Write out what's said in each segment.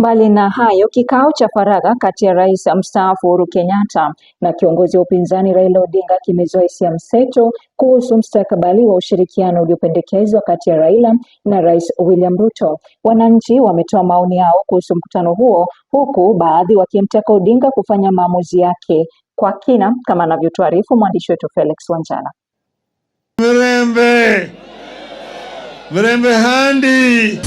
Mbali na hayo, kikao cha faragha kati ya rais mstaafu Uhuru Kenyatta na kiongozi wa upinzani Raila Odinga kimezua hisia mseto kuhusu mstakabali wa ushirikiano uliopendekezwa kati ya Raila na Rais William Ruto. Wananchi wametoa maoni yao kuhusu mkutano huo, huku baadhi wakimtaka Odinga kufanya maamuzi yake kwa kina, kama anavyotuarifu mwandishi wetu Felix Wanjala. Mrembe Handi.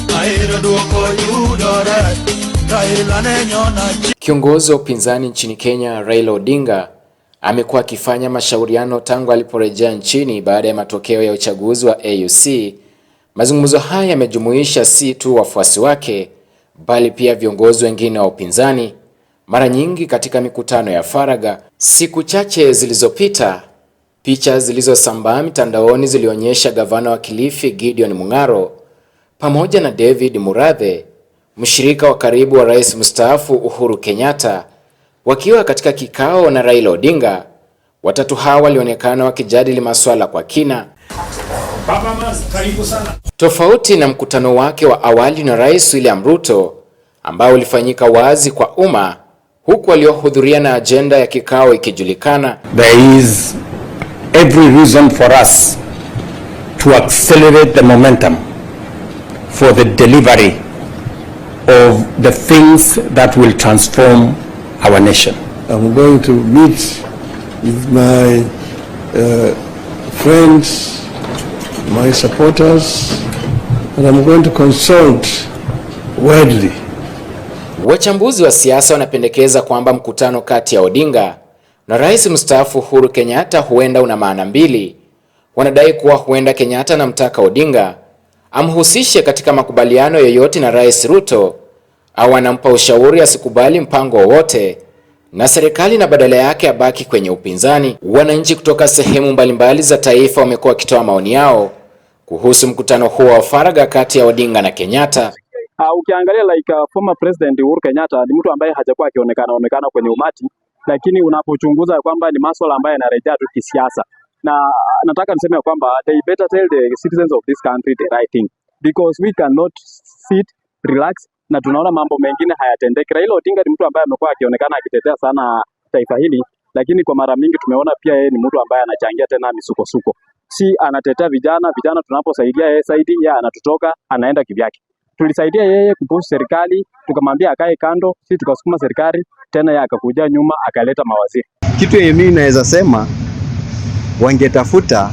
Kiongozi wa upinzani nchini Kenya Raila Odinga amekuwa akifanya mashauriano tangu aliporejea nchini baada ya matokeo ya uchaguzi wa AUC. Mazungumzo haya yamejumuisha si tu wafuasi wake bali pia viongozi wengine wa upinzani, mara nyingi katika mikutano ya faraga Siku chache zilizopita Picha zilizosambaa mitandaoni zilionyesha gavana wa Kilifi Gideon Mung'aro pamoja na David Murathe, mshirika wa karibu wa rais mstaafu Uhuru Kenyatta, wakiwa katika kikao na Raila Odinga. Watatu hawa walionekana wakijadili masuala kwa kina. Baba mas, karibu sana. Tofauti na mkutano wake wa awali na Rais William Ruto ambao ulifanyika wazi kwa umma, huku waliohudhuria na ajenda ya kikao ikijulikana. There is every reason for us to accelerate the momentum for the delivery of the things that will transform our nation. I'm going to meet with my uh, friends, my supporters, and I'm going to consult widely. Wachambuzi wa siasa wanapendekeza kwamba mkutano kati ya Odinga na rais mstaafu Uhuru Kenyatta huenda una maana mbili. Wanadai kuwa huenda Kenyatta anamtaka Odinga amhusishe katika makubaliano yoyote na rais Ruto au anampa ushauri asikubali mpango wowote na serikali na badala yake abaki kwenye upinzani. Wananchi kutoka sehemu mbalimbali za taifa wamekuwa wakitoa maoni yao kuhusu mkutano huo wa faraga kati ya Odinga na Kenyatta. Uh, ukiangalia like uh, former president Uhuru Kenyatta ni mtu ambaye hajakuwa akionekana onekana kwenye umati lakini unapochunguza kwamba ni masuala ambayo yanarejea tu kisiasa, na nataka niseme kwamba they better tell the citizens of this country the right thing because we cannot sit relax, na tunaona mambo mengine hayatendeki. Raila Odinga ni mtu ambaye amekuwa akionekana akitetea sana taifa hili, lakini kwa mara mingi tumeona pia yeye ni mtu ambaye anachangia tena misukosuko, si anatetea vijana. Vijana tunaposaidia yeye saidi, yeye anatutoka anaenda kivyake. Tulisaidia yeye kupush serikali, tukamwambia akae kando, sisi tukasukuma serikali tena, yeye akakuja nyuma akaleta mawaziri. Kitu yenye mimi naweza sema wangetafuta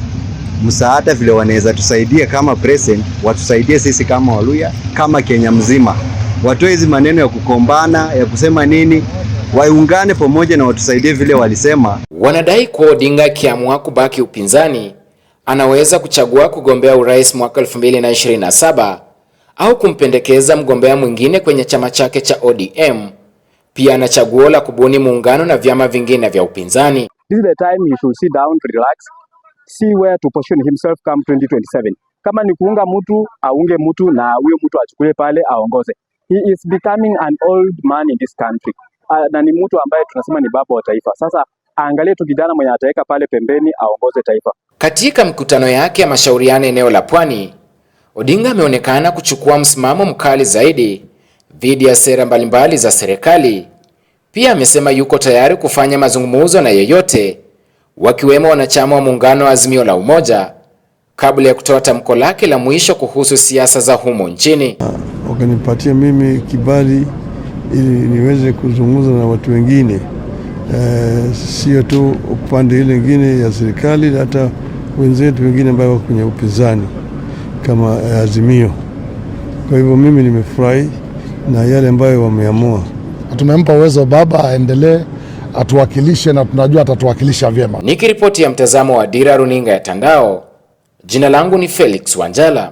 msaada vile wanaweza tusaidia kama president, watusaidie sisi kama Waluya, kama Kenya mzima, watoe hizi maneno ya kukombana ya kusema nini, waungane pamoja na watusaidie vile walisema. Wanadai kuwa Odinga akiamua kubaki upinzani anaweza kuchagua kugombea urais mwaka 2027 au kumpendekeza mgombea mwingine kwenye chama chake cha ODM. Pia ana chaguo la kubuni muungano na vyama vingine vya upinzani. This is the time he should sit down, relax, see where to position himself come 2027. Kama ni kuunga mtu aunge mtu na huyo mtu achukulie pale aongoze. He is becoming an old man in this country. Ah, na ni mtu ambaye tunasema ni baba wa taifa. Sasa aangalie tu kijana mwenye ataweka pale pembeni aongoze taifa. Katika mkutano yake ya mashauriano eneo la Pwani Odinga ameonekana kuchukua msimamo mkali zaidi dhidi ya sera mbalimbali za serikali. Pia amesema yuko tayari kufanya mazungumzo na yeyote, wakiwemo wanachama wa muungano wa Azimio la Umoja, kabla ya kutoa tamko lake la mwisho kuhusu siasa za humo nchini. Wakanipatia mimi kibali ili niweze kuzungumza na watu wengine, e, sio tu upande ile ingine ya serikali, hata wenzetu wengine ambao wako kwenye upinzani kama eh, Azimio. Kwa hivyo mimi nimefurahi na yale ambayo wameamua. Tumempa uwezo baba aendelee atuwakilishe, na tunajua atatuwakilisha vyema. Nikiripoti ya mtazamo wa Dira Runinga ya Tandao, jina langu ni Felix Wanjala.